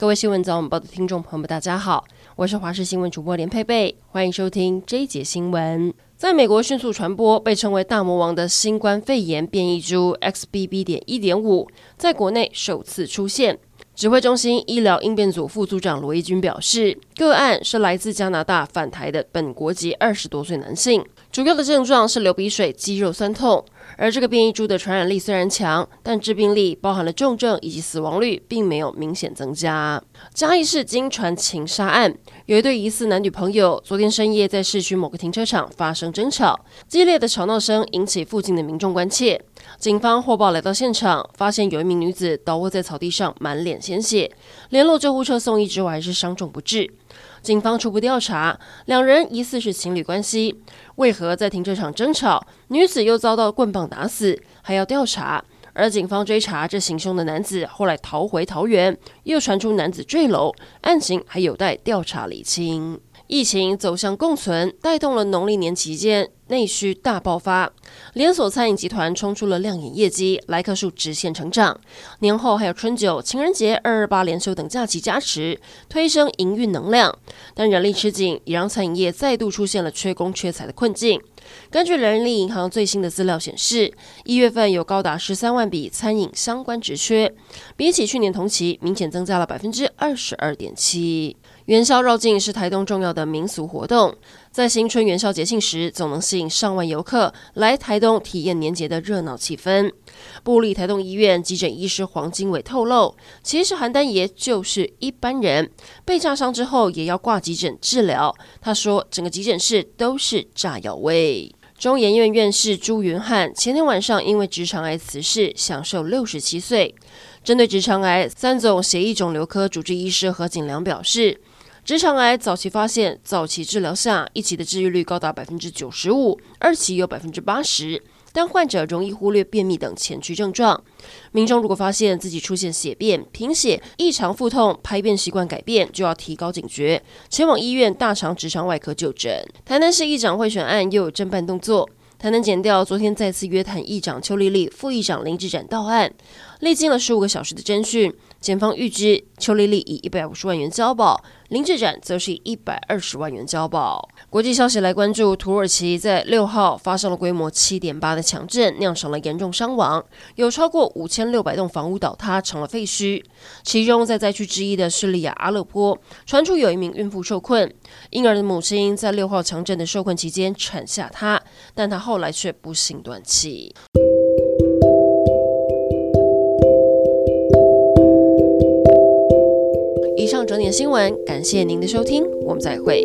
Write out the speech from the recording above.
各位新聞早晚報的聽眾朋友們，大家好，我是華視新聞主播連佩佩，歡迎收聽這一節新聞。在美國迅速傳播，被稱為“大魔王”的新冠肺炎變異株 XBB 點一點五，在國內首次出現。指揮中心醫療應變組副組長羅一鈞表示，個案是來自加拿大返台的本國籍二十多歲男性，主要的症狀是流鼻水、肌肉酸痛。而這個變異株的傳染力雖然強，但致病力包含了重症以及死亡率並沒有明顯增加。嘉義市驚傳情殺案，有一對疑似男女朋友，昨天深夜在市區某個停車場發生爭吵，激烈的吵鬧聲引起附近的民眾關切。警方獲報來到現場，發現有一名女子倒臥在草地上，滿臉鮮血。聯絡救護車送醫之後，還是傷重不治。警方初步調查，兩人疑似是情侶關係，為何在停車場爭吵？女子又遭到棍棒打死？還要調查。而警方追查這行凶的男子，後來逃回桃園，又傳出男子墜樓，案情還有待調查理清。疫情走向共存，帶動了農曆年期間，內需大爆發，連鎖餐飲集團衝出了亮眼業績，來客數直線成長。年後還有春酒、情人節、二二八連休等假期加持，推升營運能量。但人力吃緊也讓餐飲業再度出現了缺工缺才的困境。根據人力銀行最新的資料顯示，一月份有高達十三萬筆餐飲相關職缺，比起去年同期明顯增加了百分之二十二點七。元宵繞境是台東重要的民俗活動，在新春元宵節慶時，總能吸引上萬遊客來台東體驗年節的熱鬧氣氛。部立台東醫院急診醫師黃金偉透露，其實寒單爺就是一般人，被炸傷之後也要掛急診治療。他說，整個急診室都是炸藥味。中研院院士朱雲漢前天晚上因為直腸癌辭世，享壽六十七歲。針對直腸癌，三總血液腫瘤科主治醫師何景良表示。直腸癌早期發現、早期治療下，一期的治癒率高達百分之九十五，二期有百分之八十。但患者容易忽略便秘等前驅症狀。民眾如果發現自己出現血便、貧血、異常腹痛、排便習慣改變，就要提高警覺，前往醫院大腸直腸外科就診。台南市議長賄選案又有偵辦動作，台南檢調昨天再次約談議長邱莉莉、副議長林志展到案，歷經了十五個小時的偵訊，檢方預知邱莉莉以一百五十萬元交保。林志展則是以一百二十萬元交保。國際消息來關注，土耳其在六號發生了規模七點八的強震，釀成了嚴重傷亡，有超過五千六百棟房屋倒塌成了廢墟。其中在災區之一的敘利亞阿勒頗，傳出有一名孕婦受困，嬰兒的母親在六號強震的受困期間產下她，但她後來卻不幸斷氣。以上整點新聞，感謝您的收聽，我們再會。